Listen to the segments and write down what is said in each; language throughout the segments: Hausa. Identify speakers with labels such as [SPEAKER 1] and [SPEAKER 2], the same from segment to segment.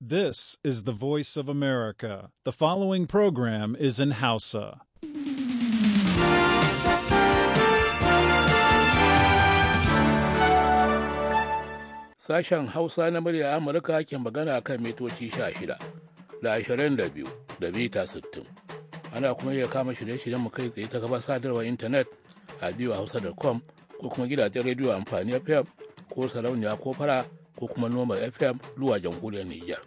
[SPEAKER 1] This is the voice of America. The following program is in Hausa.
[SPEAKER 2] Sashen Hausa na murya Amurka ke magana kan mitoci shida da ashirin da biyu da bita sittin. Ana kuma iya kama shirye-shiryen mu kai tsaye ta gabar sadarwar intanet a biyu hausa.com ko kuma gidajen rediyo amfani FM ko sarauniya ko fara ko kuma noma fm zuwa jamhuriyar niger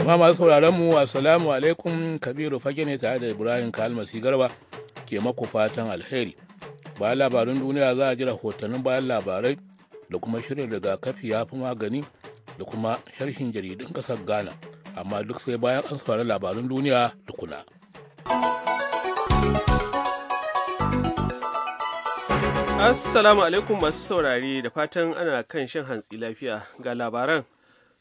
[SPEAKER 2] amma masu sauraron mu assalamu alaikum kabiru fage ne tare da ibrahim kalmasi garba ke maku fatan alheri bayan labarin duniya za a ji rahotannin bayan labarai da kuma shirin rigakafi ya fi magani da kuma sharhin jaridun kasar ghana amma duk sai bayan an saurari labarin duniya tukuna.
[SPEAKER 3] Assalamu alaikum masu saurari. da fatan ana kan shan hantsi lafiya ga labaran.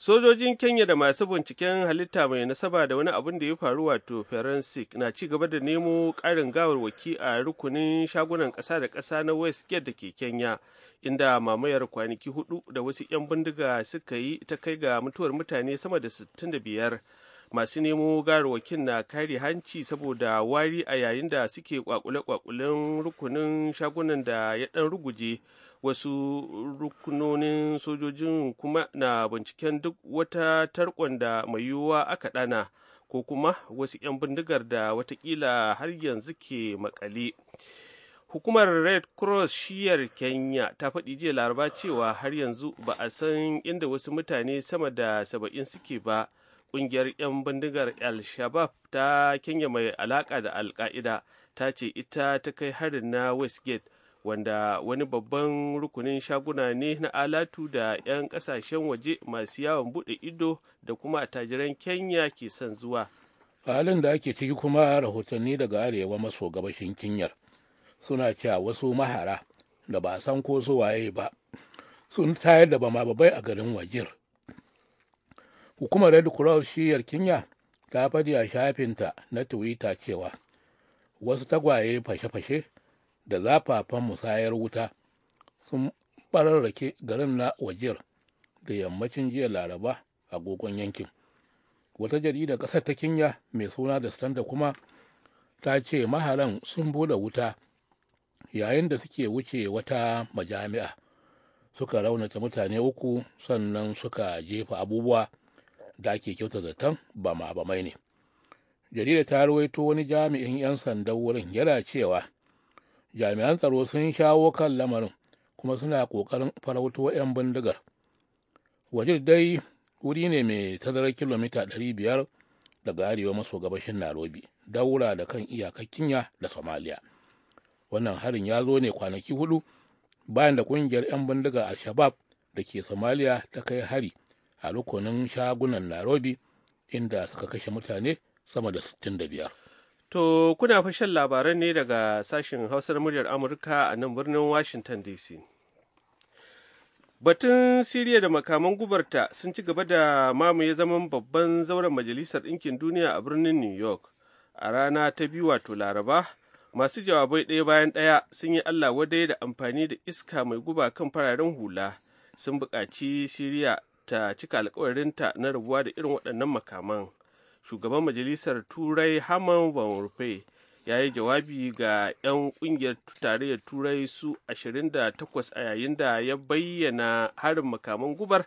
[SPEAKER 3] Sojojin Kenya da masu binciken halitta mai nasaba da wani abin da ya faru wato forensic na ci gaba da nemo ƙarin gawarwaki a rukunin shagunan ƙasa da ƙasa na Westgate da ke Kenya, inda mamayar kwanaki hudu da wasu 'yan bindiga suka yi ta kai ga mutuwar mutane sama da 65. masu nemo garwakin na kare hanci saboda wari a yayin da suke kwakule-kwakulen rukunin shagunan da ya dan ruguje wasu rukunonin sojojin kuma na binciken duk wata tarkon da mai yiwuwa aka dana ko kuma wasu 'yan bindigar da watakila har yanzu ke makale hukumar red cross shiyar kenya ta faɗi jiya laraba cewa har yanzu ba a san inda wasu mutane sama da saba'in suke ba kungiyar 'yan bindigar al-shabab ta kenya mai alaka da al-qaida ta ce ita ta kai harin na westgate wanda wani babban rukunin shaguna ne na alatu da 'yan kasashen waje masu yawon bude ido da kuma attajiran kenya ke son zuwa
[SPEAKER 2] halin da ake ciki kuma rahotanni daga arewa maso gabashin kinyar suna cewa wasu mahara da ba san ko su waye ba sun tayar da bama babai a garin wajir hukumar red cross shiyar kenya ta faɗi a shafinta na tuwita cewa wasu tagwaye fashe-fashe da zafafan musayar wuta sun bararrake garin na wajir da yammacin jiya laraba agogon yankin wata jarida ƙasar ta kenya mai suna da standa kuma ta ce maharan sun bude wuta yayin da suke wuce wata majami'a suka raunata mutane uku sannan suka jefa abubuwa da ake kyauta zaton ba ma mai ne jarida ta ruwaito wani jami'in 'yan sandan wurin yana cewa jami'an tsaro sun shawo kan lamarin kuma suna ƙoƙarin farauto 'yan bindigar waje dai wuri ne mai tazarar kilomita 500 daga arewa maso gabashin nairobi daura da kan iyakar kenya da somalia wannan harin ya zo ne kwanaki hudu bayan da kungiyar 'yan bindiga al-shabab da ke somalia ta kai hari a rukunin shagunan Nairobi inda suka kashe mutane sama da 65.
[SPEAKER 3] To kuna fashin labaran ne daga sashen Hausar muryar Amurka a nan birnin Washington DC. Batun Siriya da makaman gubarta sun ci gaba da mamaye zaman babban zauren Majalisar Ɗinkin Duniya a birnin New York a rana ta biyu wato Laraba. Masu jawabai ɗaya bayan ɗaya sun yi Allah wadai da amfani da iska mai guba kan fararen hula sun buƙaci Siriya ta cika alkawarinta na rabuwa da irin waɗannan makaman shugaban majalisar turai haman van rufe ya yi jawabi ga 'yan ƙungiyar tarayyar turai su 28 a yayin da ya bayyana harin makaman gubar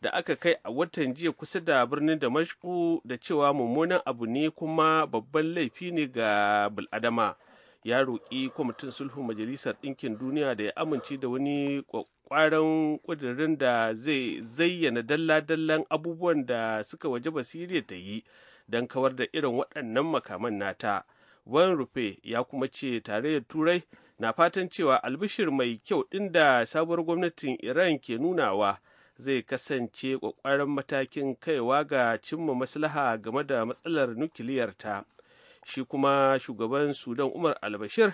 [SPEAKER 3] da aka kai a watan jiya kusa da birnin damashku da cewa mummunan abu ne kuma babban laifi ne ga bil'adama ya roƙi kwamitin Sulhu majalisar ɗinkin duniya da ya amince da wani ƙwaƙwaran ƙudurin da zai zayyana dalla-dallan abubuwan da suka waje basiriya ta yi don kawar da irin waɗannan makaman nata wan rufe ya kuma ce tarayyar turai na fatan cewa albishir mai kyau ɗin da sabuwar gwamnatin iran ke nunawa zai kasance ƙwaƙwaran matakin kaiwa ga cimma maslaha game da matsalar nukiliyar ta. shi kuma shugaban sudan umar albashir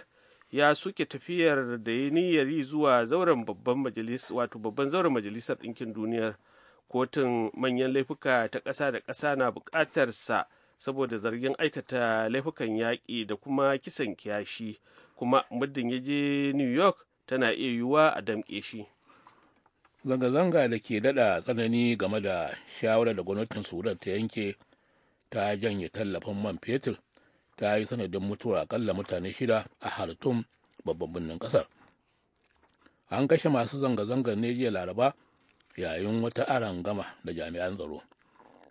[SPEAKER 3] ya suke tafiyar da ya niyyar yi zuwa zauren babban majalis wato babban zauren majalisar ɗinkin duniyar kotun manyan laifuka ta ƙasa da ƙasa na buƙatar sa saboda zargin aikata laifukan yaƙi da kuma kisan kiyashi kuma muddin ya je new york tana iya yiwuwa a damƙe shi
[SPEAKER 2] zanga-zanga da ke daɗa tsanani game da shawarar da gwamnatin sudan ta yanke ta janye tallafin man fetur ta yi sanadin mutuwar akalla mutane shida a hartum babban birnin kasar an kashe masu zanga-zangar ne jiya laraba yayin wata gama da jami'an tsaro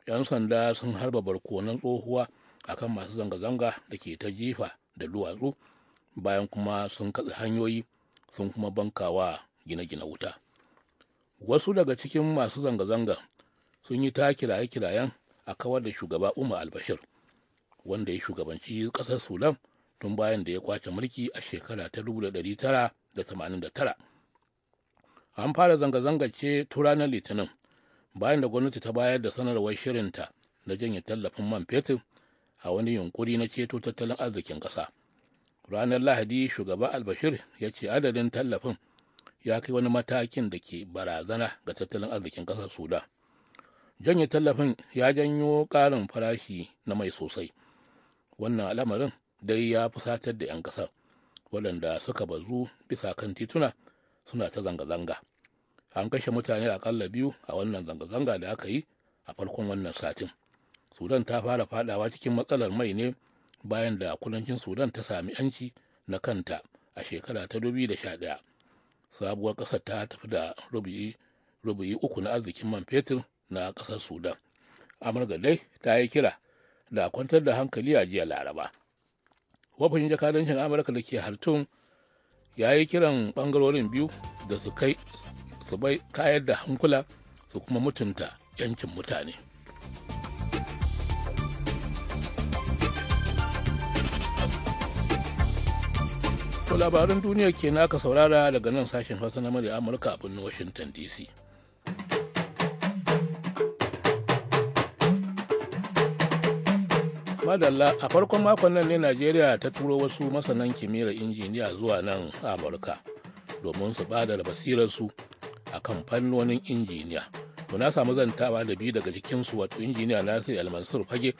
[SPEAKER 2] 'yan sanda sun harba barkonan tsohuwa akan masu zanga-zanga da ke ta jifa da duwatsu bayan kuma sun katse hanyoyi sun kuma bankawa gine-gine wuta wasu daga cikin masu zanga-zanga sun yi ta kiraye-kirayen a kawar da shugaba umar albashir wanda ya shugabanci ƙasar sudan tun bayan da ya kwace mulki a shekara ta da tamanin 1989 an fara zanga-zanga ce tun ranar litinin bayan da gwamnati ta bayar da sanarwar shirinta na janye tallafin man fetur a wani yunkuri na ceto tattalin arzikin ƙasa ranar lahadi shugaban albashir ya ce adadin tallafin ya kai wani matakin da ke barazana ga tattalin arzikin ƙasar sudan janye tallafin ya janyo ƙarin farashi na mai sosai wannan al'amarin dai ya fusatar da 'yan ƙasar waɗanda suka bazu bisa kan tituna suna ta zanga-zanga an kashe mutane aƙalla biyu a wannan zanga-zanga da aka yi a farkon wannan satin sudan ta fara fadawa cikin matsalar mai ne bayan da kudancin sudan ta sami yanci na kanta a shekara ta dubi da 2011 sabuwar ƙasar ta tafi da rubu'i uku na arzikin man fetur na ƙasar sudan amurka dai ta yi kira da kwantar da hankali a jiya laraba wafin jakadancin amurka da ke hartun ya yi kiran bangarorin biyu da su kai su bai kayar da hankula su kuma mutunta yankin mutane labarin duniya ke naka saurara daga nan sashen hausa na murya amurka a birnin washington dc madalla a farkon makon nan ne najeriya ta turo wasu masanan kimiyyar injiniya zuwa nan amurka domin su bada da basirarsu a kan fannonin injiniya to na samu zantawa da biyu daga cikinsu wato injiniya nasir almansur fage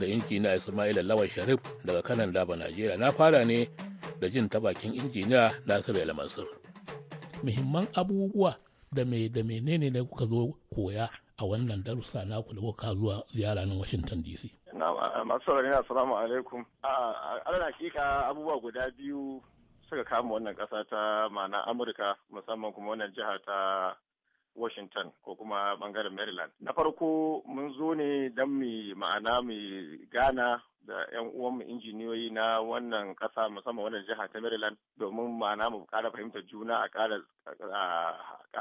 [SPEAKER 2] da injiniya ismail lawan sharif daga kanan daba najeriya na fara ne da jin ta bakin injiniya nasir almansur muhimman abubuwa da me da menene ne kuka zo koya a wannan darussa naku da kuka zuwa ziyara nan washington dc
[SPEAKER 4] masu saurari na salamu alaikum hakika abubuwa guda biyu suka kama wannan kasa ta mana amurka musamman kuma wannan jiha ta washington ko kuma bangaren maryland na farko mun zo ne don mu ma'ana mu gana da 'yan uwanmu injiniyoyi na wannan kasa musamman wannan jiha ta maryland domin ma'ana mu ƙara fahimtar juna a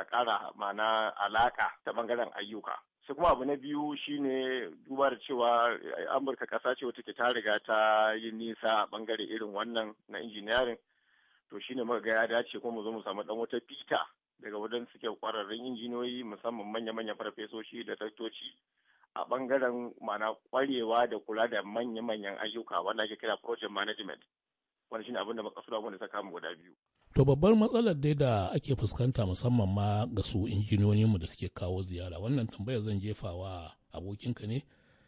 [SPEAKER 4] ƙara ma'ana alaƙa ta bangaren ayyuka sai kuma abu na biyu shine duba da cewa eh, amurka kasa ce wata ke ta riga ta yi nisa a bangare irin wannan na injiniyarin to shine muka ga ya dace kuma mu zo mu samu dan wata fita daga wajen suke kwararrun injiniyoyi musamman manya-manya farfesoshi da taktoci a bangaren mana kwarewa da kula da manya-manyan ayyuka wanda ake kira project management wani shine abin da makasura wanda saka mu guda biyu
[SPEAKER 2] To babbar matsalar dai da ake fuskanta musamman ma ga su injiniyoyinmu da suke kawo ziyara wannan tambayar zan jefa wa abokinka ne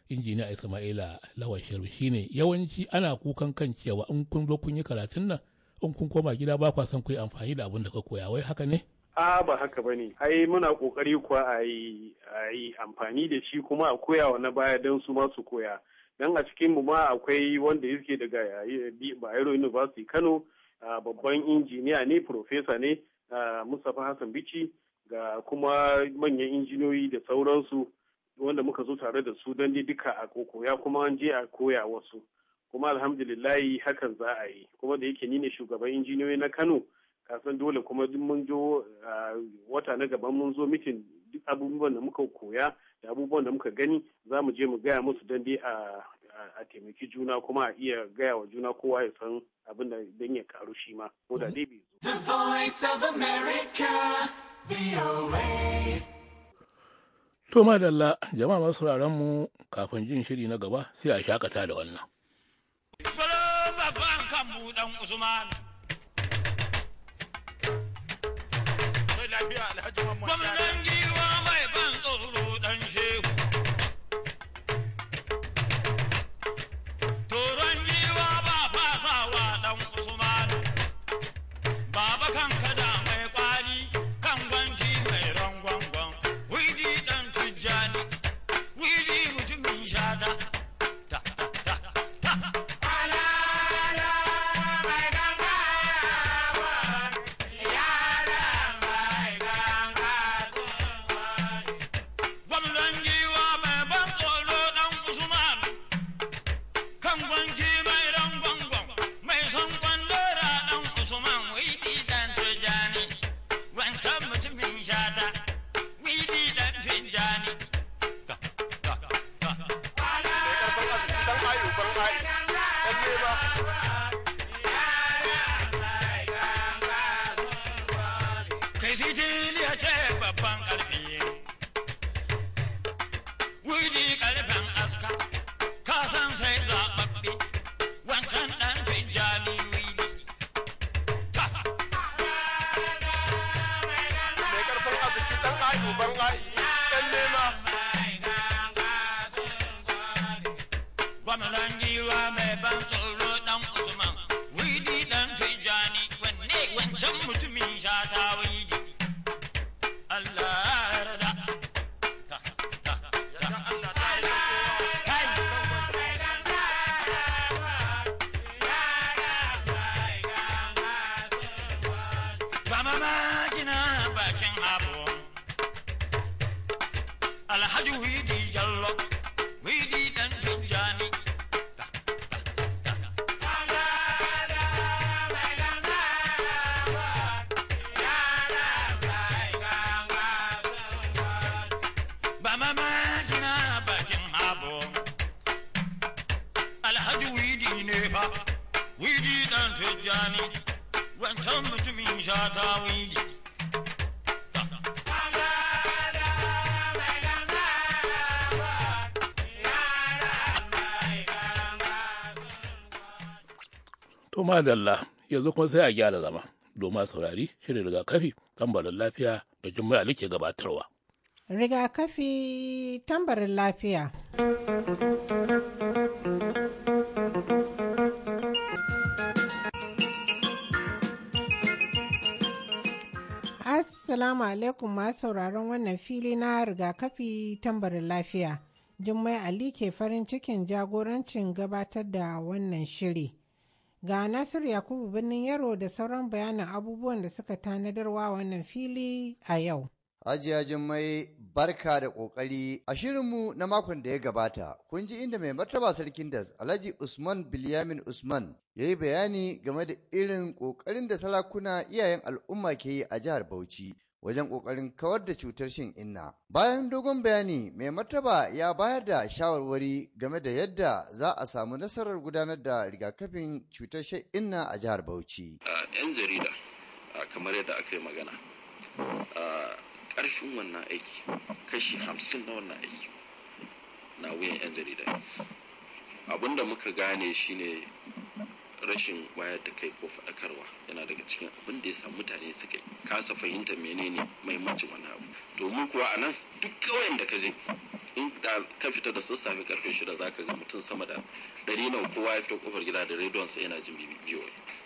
[SPEAKER 2] injiniya Ismaila Lawan shine yawanci ana kukan kan cewa in kun zo kun yi karatun nan in kun koma gida ba kwa san ku amfani da abin da ka koya wai haka ne?
[SPEAKER 3] A ba haka bane ne, ai muna kokari kuwa a yi amfani da shi kuma a koya wa na baya don su ma su koya. dan a cikin mu ma akwai wanda yake daga eh, Bayero University Kano babban injiniya ne profesa ne mustapha hassan Bichi ga kuma manyan injiniyoyi da sauransu wanda muka zo tare da su don duka a koko ya kuma an je a koya wasu kuma alhamdulillahi hakan za a yi kuma da yake ni ne shugaban injiniyoyi na kano kasan dole kuma duk mun jo wata na gaban mun zo mitin abubuwan da muka koya da abubuwan da muka gani za mu je mu gaya musu don dai a a taimaki juna kuma a iya gaya wa juna kowa ya san abin da don ya karu shi ma ko da dai
[SPEAKER 1] The Voice of America, VOA.
[SPEAKER 2] To madalla jama'a masu sauraron mu kafin jin shiri na gaba sai a shakata da wannan. Bala
[SPEAKER 1] babban kan buɗan
[SPEAKER 2] madalla yanzu kuma sai a gyara zama domin saurari shirin rigakafi tambarin lafiya da jimma'a da ke gabatarwa.
[SPEAKER 5] Rigakafi tambarin lafiya. Assalamu alaikum masu sauraron wannan fili na rigakafi tambarin lafiya. Jummai Ali ke farin cikin jagorancin gabatar da wannan shiri. Ga Nasiru Yakubu birnin Yaro da sauran bayanan abubuwan da suka tanadarwa wannan fili a yau.
[SPEAKER 6] Hajiya Jummai barka da ƙoƙari a shirinmu na makon da ya gabata, kun ji inda mai martaba sarkin das Alhaji Usman Bilyamin Usman ya yi bayani game da irin ƙoƙarin da sarakuna iyayen al'umma ke yi a jihar Bauchi wajen ƙoƙarin kawar da cutar shin inna. Bayan dogon bayani mai martaba ya bayar da shawarwari game da yadda za a samu nasarar gudanar da rigakafin cutar shin inna a jihar Bauchi.
[SPEAKER 7] Yan jarida kamar yadda aka yi magana ƙarshen wannan aiki kashi hamsin na wannan aiki na wuyan yan jarida abinda muka gane shine rashin wayar da kai ko faɗakarwa yana daga cikin abin da ya sa mutane suka kasa fahimta menene mahimmancin wani abu domin kuwa a nan duk kawai da ka je in da ka fita da sassafe karfe shida za ka ga mutum sama da ɗari nawa kowa ya fito kofar gida da sa yana jin bibiyo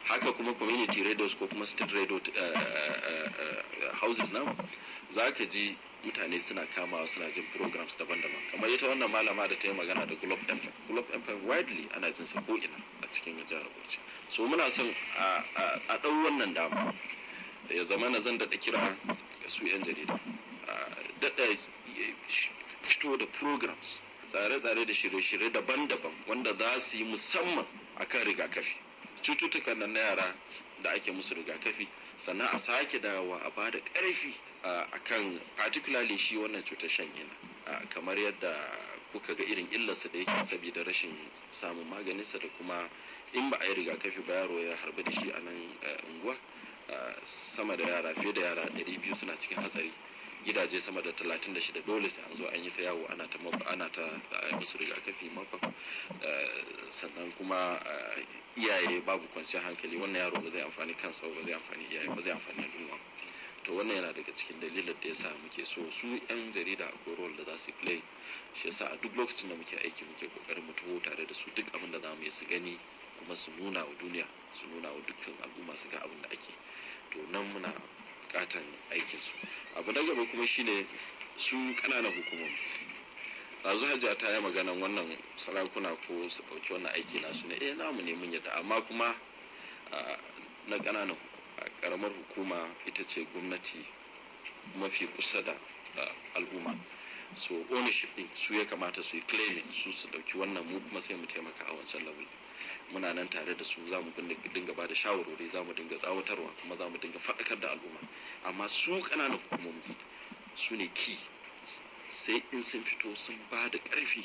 [SPEAKER 7] haka kuma community radios ko kuma state radio eh, eh, eh, houses na. za ka ji mutane suna kamawa suna jin programs daban-daban kamar ita wannan malama da ta yi magana da globe fm globe fm widely ana jin sa ko'ina a cikin jihar bauchi so muna son a ɗau wannan dama ya zama na zan daɗa kira ga su 'yan jarida daɗa fito da programs tsare-tsare da shirye-shirye daban-daban wanda za su yi musamman a kan rigakafi cututtukan nan na yara da ake musu rigakafi sannan a sake dawowa a bada karfi a kan particularly shi wannan cutar shan yana kamar yadda kuka ga irin illarsa da yake saboda rashin samun maganinsa da kuma in ba a yi rigakafi ba yaro ya harbi da shi a nan unguwa sama da yara fiye da yara 200 suna cikin hatsari gidaje sama da 36 dole sai an zo an yi ta yawo ana ta ana musu rigakafi mafa sannan kuma iyaye babu kwanciyar hankali wannan yaro ba zai amfani kansa ba zai amfani iyaye ba zai amfani al'umma to wannan yana daga cikin dalilin da sa muke so su yan jarida a role da za su play shi yasa a duk lokacin da muke aiki muke kokarin mu taho tare da su duk abin da za mu yi su gani kuma su nuna wa duniya su nuna wa dukkan al'umma su ga abin da ake to nan muna bukatan aikin su abu na gaba kuma shine su kananan hukumomi ɗazu hajiya ta yi magana wannan sarakuna ko su ɗauki wannan aiki nasu ne eh namu ne mun yadda amma kuma na ƙananan ƙaramar hukuma ita ce gwamnati mafi kusa da al'umma so ownership din su ya kamata su yi claiming su su ɗauki wannan mu kuma sai mu taimaka a wancan level muna nan tare da su za mu dinga ba da shawarwari za mu dinga tsawatarwa kuma za mu dinga faɗakar da al'umma amma su ƙananan hukumomi su ne ki sai in sun fito sun ba da ƙarfi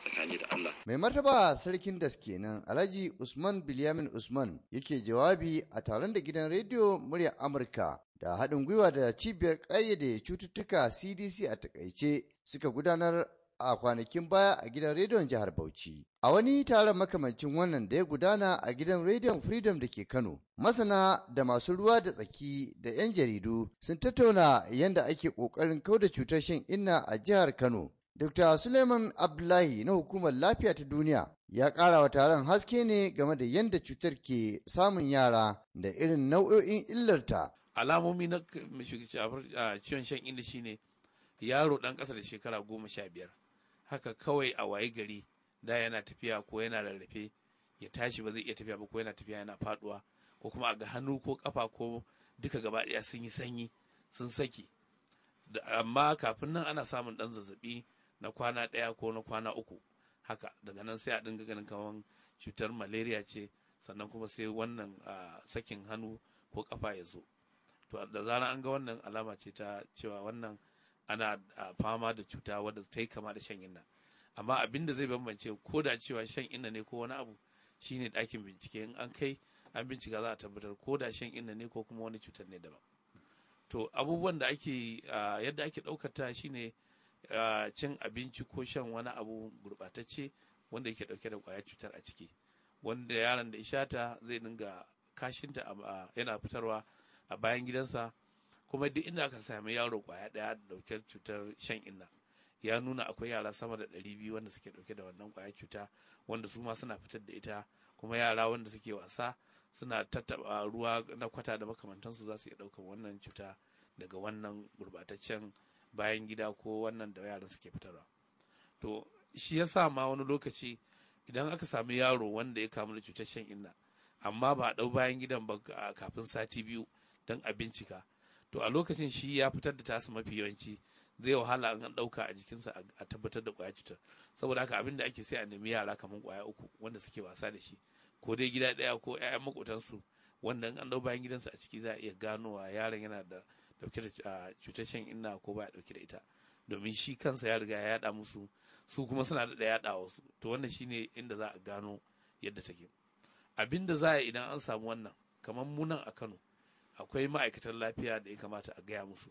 [SPEAKER 7] tsakani
[SPEAKER 6] da Allah. Mai martaba sarkin suke kenan Alhaji Usman Bilyamin Usman yake jawabi a taron da gidan rediyo murya Amurka da haɗin gwiwa da cibiyar ƙayyade cututtuka CDC a takaice suka gudanar a kwanakin baya a gidan rediyon jihar Bauchi. A wani taron makamancin wannan da ya gudana a gidan rediyon Freedom da ke Kano, masana da masu ruwa da tsaki da 'yan jaridu sun tattauna yadda ake ƙoƙarin kauda cutar shan inna a jihar Kano. Dr. Suleiman Abdullahi na Hukumar Lafiya ta Duniya ya ƙara wa taron haske ne game da yadda cutar ke samun yara da irin nau'o'in illarta.
[SPEAKER 8] Alamomi na ciwon shan inda shine yaro ɗan ƙasa da shekara goma sha biyar haka kawai a waye gari da yana tafiya ko yana rarrafe ya tashi ba zai iya tafiya ba ko yana tafiya yana faduwa ko kuma a ga hannu ko kafa ko duka gaba daya sun yi sanyi sun saki amma kafin nan ana samun dan zazzabi na kwana ɗaya ko na kwana uku haka daga nan sai a dinga ganin kaman cutar malaria ce sannan kuma sai wannan sakin hannu ko kafa ya zo to da zarar an ga wannan alama ce ta cewa wannan ana fama da cuta wadda ta yi kama da shan inna amma abin da zai bambance ko da cewa shan inna ne ko wani abu shine ɗakin bincike in an kai an bincika za a tabbatar ko da shan inna ne ko kuma wani cutar ne daban to abubuwan da ake yadda ake ɗaukata shine cin abinci ko shan wani abu gurɓatacce wanda yake ɗauke da ƙwayar cutar a ciki wanda yaron da ishata zai dinga kashinta yana fitarwa a bayan gidansa kuma duk inda aka sami yaro kwaya daya daukar cutar shan inna ya nuna akwai yara sama da ɗari biyu wanda suke dauke da wannan kwaya cuta wanda su ma suna fitar da ita kuma yara wanda suke wasa suna tattaɓa ruwa na kwata da makamantansu za su iya ɗaukar wannan cuta daga wannan gurbataccen bayan gida ko wannan da yaran suke fitarwa to shi ya sa ma wani lokaci idan aka sami yaro wanda ya kamu da cutar shan inna amma ba a ɗau bayan gidan ba kafin sati biyu don a bincika to a lokacin shi ya fitar da tasu mafi yawanci zai wahala an ɗauka a jikinsa a tabbatar da kwaya cutar saboda haka abin da ake sai a nemi yara kamar kwaya uku wanda suke wasa da shi ko dai gida ɗaya ko 'ya'yan makotansu wanda an ɗau bayan gidansa a ciki za a iya ganowa yaron yana da ɗauke da ah, cutar shan inna ko baya ɗauke da ita domin shi kansa ya riga ya yaɗa musu su kuma suna da yaɗa wasu to wannan shine inda za a gano yadda take abin da za a idan an samu wannan kamar munan a kano akwai ma'aikatan lafiya da ya kamata a gaya musu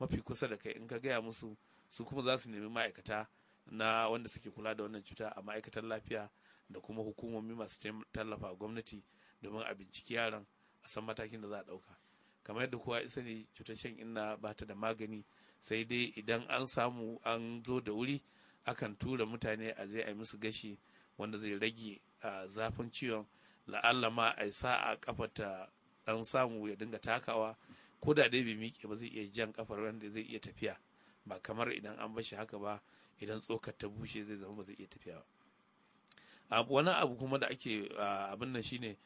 [SPEAKER 8] mafi kusa da kai in ka gaya musu su kuma za su nemi ma'aikata na wanda suke kula da wannan cuta a ma'aikatan lafiya da kuma hukumomi masu tallafa gwamnati domin a binciki yaran a san matakin da za a ɗauka kamar yadda kowa isa ne cutar shan inna ba ta da magani sai dai idan an samu an zo da wuri akan tura mutane a zai a yi musu gashi wanda zai rage ah, zafin ciwon la'alla ma a sa a kafata dan samu ya dinga takawa ko da dai bai miƙe ba zai iya jan kafar wanda zai iya tafiya ba kamar idan an bashi haka ba idan tsokar ta bushe zai zama ba zai iya tafiya ba wani abu kuma da ake abin nan shine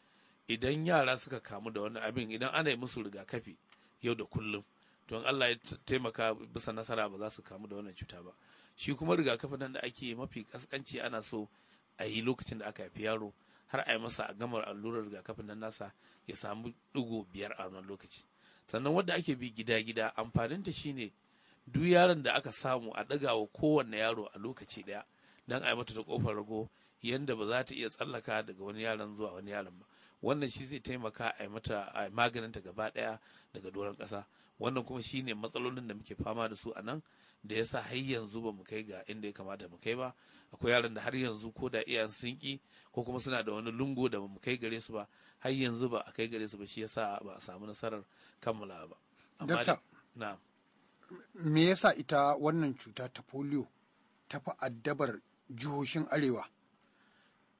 [SPEAKER 8] idan yara suka kamu da wani abin idan ana yi musu rigakafi yau da kullum don Allah ya taimaka bisa nasara ba za su kamu da wannan cuta ba shi kuma rigakafin nan da ake mafi kaskanci ana so a yi lokacin da aka haifi yaro har a yi masa a gamar allurar rigakafin nan nasa ya samu digo biyar a wannan lokaci sannan wadda ake bi gida-gida amfaninta shine duk yaron da aka samu a ɗaga wa kowanne yaro a lokaci ɗaya don a yi mata ta ƙofar rago yadda ba za ta iya tsallaka daga wani yaron zuwa wani yaron ba wannan shi zai taimaka a yi mata a maganinta gaba ɗaya daga doron ƙasa wannan kuma shi ne matsalolin da muke fama da su a nan da sa har yanzu ba mu kai ga inda ya kamata mu kai ba akwai yaran da har yanzu ko da iyayen sun ki ko kuma suna da wani lungu da ba mu kai gare su ba har yanzu ba a kai gare su ba shi yasa ba a samu nasarar kammala ba amma na
[SPEAKER 5] me yasa ita wannan cuta ta polio ta fi addabar jihohin arewa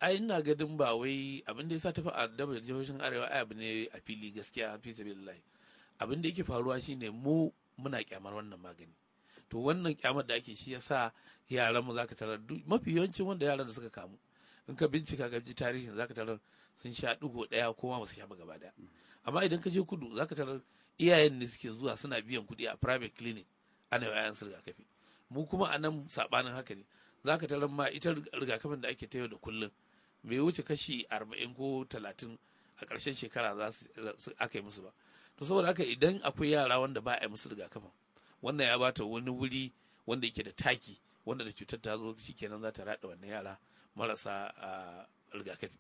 [SPEAKER 8] ai ina gadin ba wai abin da yasa ta fi addabar jihohin arewa ai abu ne a fili gaskiya fi sabilillahi abin da yake faruwa shine mu muna kyamar wannan magani to wannan kyamar da ake shi yasa yaran mu zaka tarar mafi yawancin wanda yaran da suka kamu in ka bincika ga tarihin tarihin zaka tarar sun sha digo daya ko ma su sha gaba daya amma idan ka je kudu zaka tarar iyayen ne suke zuwa suna biyan kuɗi a private clinic ana yayan su rigakafi mu kuma a nan sabanin haka ne zaka tarar ma ita rigakafin da ake ta yau da kullum bai wuce kashi arba'in ko talatin a ƙarshen shekara za su aka yi musu ba to saboda haka idan akwai yara wanda ba a musu rigakafin wannan ya bata wani wuri wanda yake da taki wanda da cutar ta zo kenan za ta rada wannan yara marasa rigakafi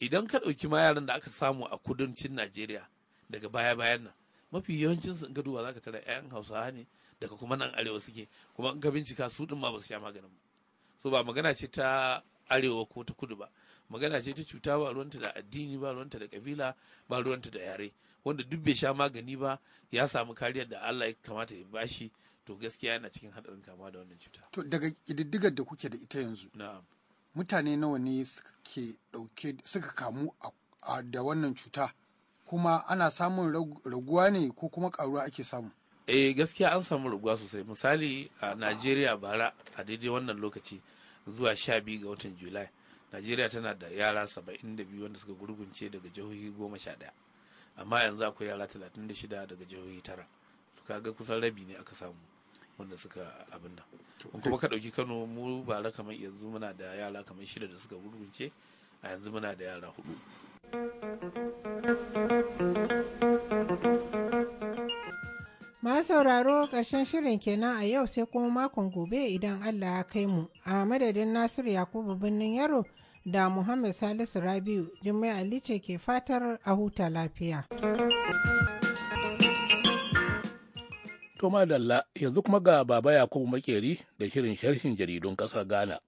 [SPEAKER 8] idan ka ɗauki ma yaran da aka samu a kudancin najeriya daga baya bayan nan mafi yawancin su in ka duba zaka tara 'ya'yan hausawa ne daga kuma nan arewa suke kuma in ka bincika su din ma ba su sha maganin ba so ba magana ce ta arewa ko ta kudu ba magana ce ta cuta ba ruwanta da addini ba ruwanta da kabila ba ruwanta da yare wanda duk bai sha magani ba ya samu kariyar da Allah ya kamata ya bashi to gaskiya yana cikin hadarin kamuwa da wannan cuta
[SPEAKER 4] to daga kididdigar da kuke da ita yanzu na'am
[SPEAKER 5] mutane nawa ne suke dauke suka kamu da wannan cuta kuma ana samun raguwa ne ko kuma karuwa ake samu
[SPEAKER 8] eh gaskiya an samu raguwa sosai misali a Najeriya bara a daidai wannan lokaci zuwa 12 ga watan Julai najeriya tana da yara saba'in da biyu wanda suka gurgunce daga jihohi goma sha ɗaya amma yanzu akwai yara talatin da shida daga jihohi tara su ga kusan rabi ne aka samu wanda suka abin nan kuma ka ɗauki kano mu bara kamar yanzu muna da yara kamar shida da suka gurgunce a yanzu muna da yara hudu
[SPEAKER 5] Ma sauraro ƙarshen shirin kenan a yau sai kuma makon gobe idan Allah ya kai mu a madadin Nasiru Yakubu birnin Yaro da Muhammad Salisu Rabiu Jummai Ali ce ke fatar a huta lafiya.
[SPEAKER 2] To madalla yanzu kuma ga Baba Yakubu Makeri da shirin sharhin jaridun ƙasar Ghana.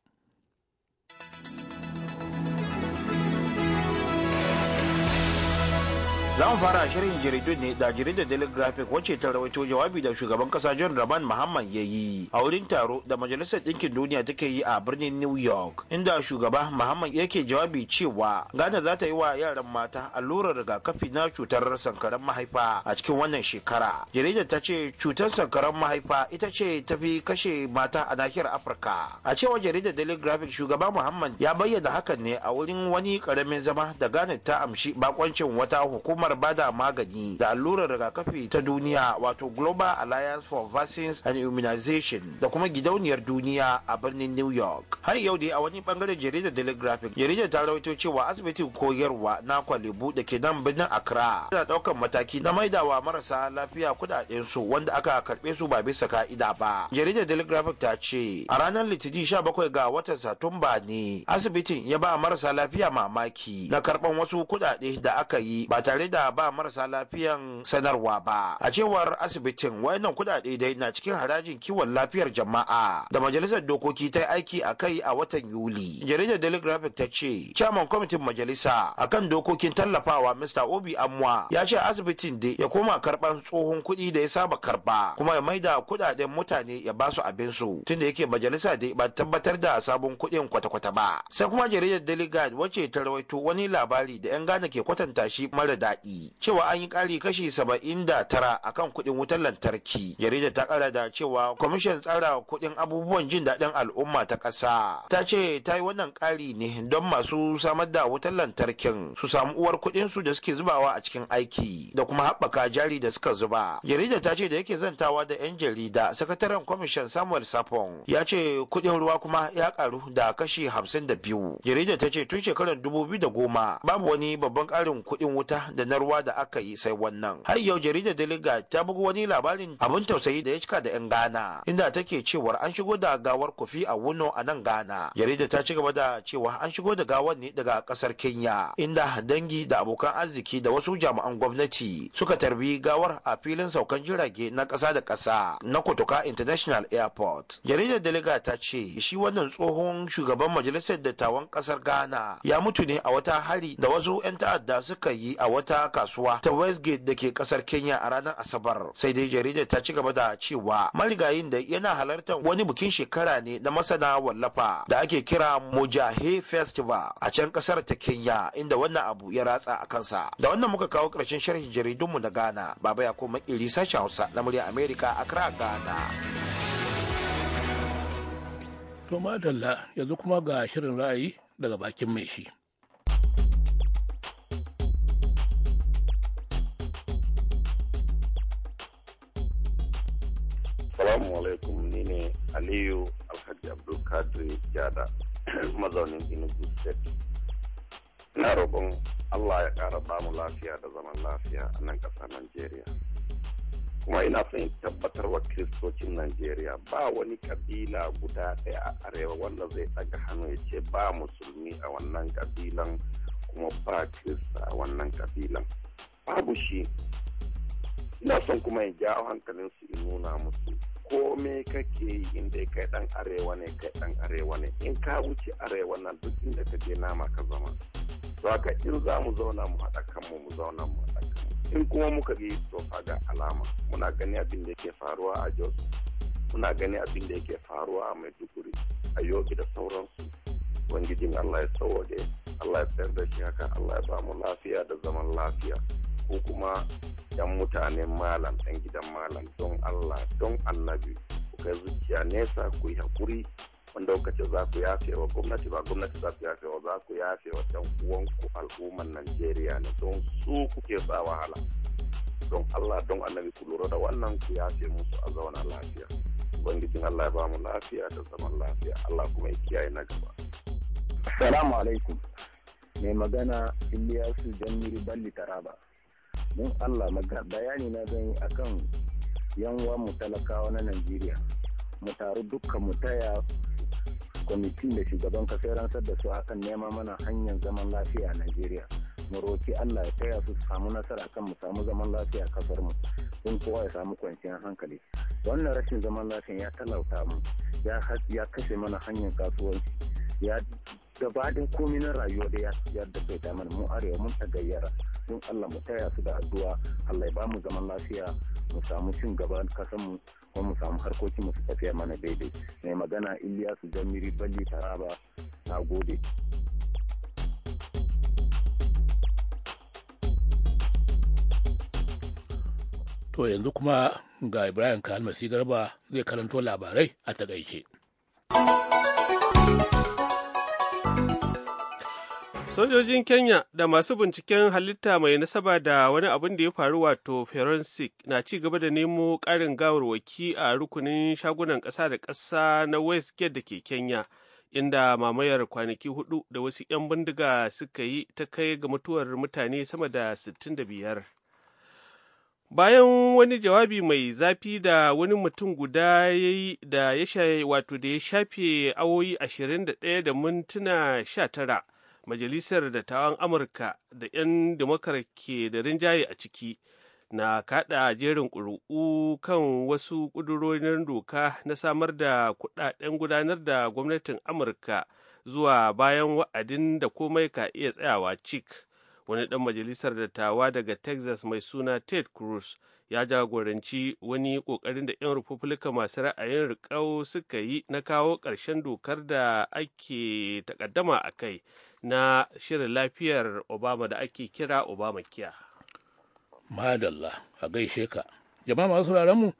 [SPEAKER 5] za mu fara shirin jaridun ne da jaridar daily graphic wacce ta rawaito jawabi da shugaban kasa john raman muhammad ya yi a wurin taro da majalisar ɗinkin duniya take yi a birnin new york inda shugaba muhammad yake jawabi cewa ghana za ta yi wa yaran mata allurar rigakafi na cutar sankaran mahaifa a cikin wannan shekara jaridar ta ce cutar sankaran mahaifa ita ce tafi kashe mata a nahiyar afirka a cewa jaridar daily graphic shugaba muhammad ya bayyana hakan ne a wurin wani karamin zama da ghana ta amshi bakoncin wata hukumar hukumar bada magani da allurar rigakafi ta duniya wato global alliance for vaccines and immunization da kuma gidauniyar duniya a birnin new york har yau dai a wani bangaren jaridar daily jaridar ta rawaito cewa asibitin koyarwa na kwalibu da ke nan birnin accra yana daukan mataki na maidawa marasa lafiya kudaden su wanda aka karbe su ba bisa ka'ida ba jaridar daily ta ce a ranar litinin 17 ga watan satumba ne asibitin ya ba marasa lafiya mamaki na karban wasu kudade da aka yi ba tare da ba marasa lafiyan sanarwa ba a cewar asibitin wayannan kudade dai na cikin harajin kiwon lafiyar jama'a da majalisar dokoki ta yi aiki a kai a watan yuli jaridar daily graphic ta ce chairman kwamitin majalisa akan dokokin tallafawa mr obi amwa ya ce asibitin dai ya koma karban tsohon kudi da ya saba karba kuma ya maida kudaden mutane ya basu abin su. tunda yake majalisa dai ba tabbatar da sabon kudin kwata-kwata ba sai kuma jaridar daily guard wacce ta rawaito wani labari da 'yan gane ke kwatanta shi mara daɗi cewa an yi ƙari kashi saba'in da tara akan kuɗin wutar lantarki jarida ta ƙara da cewa kwamishin tsara kuɗin abubuwan jin daɗin al'umma ta ƙasa ta ce ta yi wannan ƙari ne don masu samar da wutar lantarkin su samu uwar kuɗin su da suke zubawa a cikin aiki da kuma haɓaka jari da suka zuba jarida ta ce da yake zantawa da 'yan jarida sakataren kwamishin samuel sapon ya ce kuɗin ruwa kuma ya ƙaru da kashi hamsin da biyu jarida ta ce tun shekarar dubu biyu da goma babu wani babban ƙarin kuɗin wuta da na ruwa da aka yi sai wannan har yau jaridar deliga ta bugu wani labarin abin tausayi da ya cika da yan ghana inda take cewa an shigo da gawar kofi a wuno a nan ghana jaridar ta ci gaba da cewa an shigo da gawar ne daga kasar kenya inda dangi da abokan arziki da wasu jami'an gwamnati suka tarbi gawar a filin saukan jirage na kasa da kasa na kotoka international airport jaridar deliga ta ce shi wannan tsohon shugaban majalisar dattawan kasar ghana ya mutu ne a wata hari da wasu 'yan ta'adda suka yi a wata kasuwa ta Westgate da ke kasar Kenya a ranar Asabar. Sai dai jaridar ta ci gaba da cewa marigayin da yana halartar wani bukin shekara ne na masana wallafa da ake kira Mujahe Festival a can kasar ta Kenya inda wannan abu ya ratsa a kansa. Da wannan muka kawo ƙarshen sharhin jaridunmu na Ghana. Baba ya koma iri sashen Hausa na murya Amerika kira Ghana.
[SPEAKER 2] To madalla yanzu kuma ga shirin ra'ayi daga bakin mai shi.
[SPEAKER 9] Assalamu alaikum ni ne Aliyu Alhaji Abdulkadir Jada mazaunin inugu State. Ina roƙon Allah ya ƙara bamu lafiya da zaman lafiya a nan ƙasar Najeriya. Kuma ina son tabbatar wa kiristocin Najeriya ba wani kabila guda ɗaya a arewa wanda zai ɗaga hannu ya ce ba musulmi a wannan kabilan kuma ba kirista a wannan kabilan. Babu shi ina son kuma ya jawo su in nuna musu kome kake yi inda ya kai dan arewa ne kai dan arewa ne in ka wuce arewa nan duk inda ka je nama ka zama ka in za mu zauna mu haɗa kanmu mu zauna mu haɗa mu in kuma muka yi to ga alama muna gani abin da yake faruwa a jos muna gani abin da yake faruwa a maiduguri a yobi da sauransu wangijin allah ya tsawo allah ya tsayar da shi haka allah ya ba mu lafiya da zaman lafiya ko kuma yan mutanen malam yan gidan malam don allah don annabi ku kai zuciya nesa ku yi hakuri wanda kuka ce za ku yafe wa gwamnati ba gwamnati za ku yafe wa za ku yafe wa ɗan uwanku al'umman najeriya ne don su kuke sa wahala don allah don annabi ku lura da wannan ku yafe musu a zauna lafiya ubangijin allah ya ba mu lafiya da zaman lafiya allah kuma ya kiyaye na gaba assalamu alaikum mai magana iliyasu jamiru balli taraba
[SPEAKER 4] mun allah bayani na zan yi akan yanwa mu talakawa na najeriya mu taru dukkan mu taya kwamiti da shugaban kasa ransar da su akan nema mana hanyar zaman lafiya a najeriya mu roki allah ya taya su samu nasara kan mu samu zaman lafiya a kasar mu don kowa ya samu kwanciyar hankali wannan rashin zaman lafiya ya talauta mu ya kashe mana hanyar kasuwanci ya gabaɗin komi na rayuwa da ya bai damar mu arewa mun ta gayyara don Allah mu taya su da addu'a Allah ya bamu mu zaman lafiya mu samu cin gaba kasan mu kuma mu samu harkokin
[SPEAKER 9] mu su tafiya mana daidai mai magana Ilyasu Jamiri Balli Taraba na gode.
[SPEAKER 2] To yanzu kuma ga Ibrahim Kalmasi Garba zai
[SPEAKER 3] karanto labarai a takaice. Sojojin Kenya da masu binciken halitta mai nasaba da wani abin da ya faru wato forensic na ci gaba da nemo ƙarin gawarwaki a rukunin shagunan ƙasa da ƙasa na Westgate da ke Kenya, inda mamayar kwanaki hudu da wasu 'yan bindiga suka yi ta kai ga mutuwar mutane sama da 65. Bayan wani jawabi mai zafi da wani mutum guda ya yi da ya da ya shafe awoyi 21 da mintuna 19 majalisar dattawan amurka da 'yan dimokar ke da rinjaye a ciki na kada jerin ƙuri'u kan wasu ƙudurorin doka na samar da kudaden gudanar da gwamnatin amurka zuwa bayan wa'adin da komai ka iya tsayawa cik wani ɗan majalisar dattawa daga texas mai suna ted cruz ya jagoranci wani kokarin da 'yan republika masu ra'ayin rikau suka yi na kawo ƙarshen dokar da ake takaddama a kai na shirin lafiyar obama da ake kira obama kiya madalla a gaishe ka
[SPEAKER 2] jama'a masu mu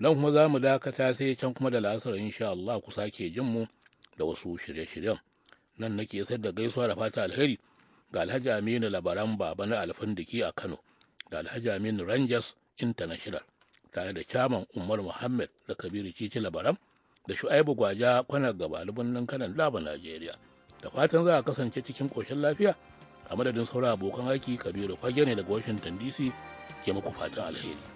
[SPEAKER 2] nan kuma za mu dakata sai can kuma da la'asar insha Allah kusa ke jin mu da wasu shirye-shiryen nan nake sayar da gaisuwa da fata alheri ga alhaji aminu labaran baba na alfin a kano da alhaji aminu rangers international tare da kyaman umar muhammad da kabiru cici labaran da shu'aibu gwaja kwanar gabalibin nan kanan laba najeriya da fatan za a kasance cikin koshin lafiya a madadin sauran abokan aiki kabiru fage ne daga washington dc ke muku fatan alheri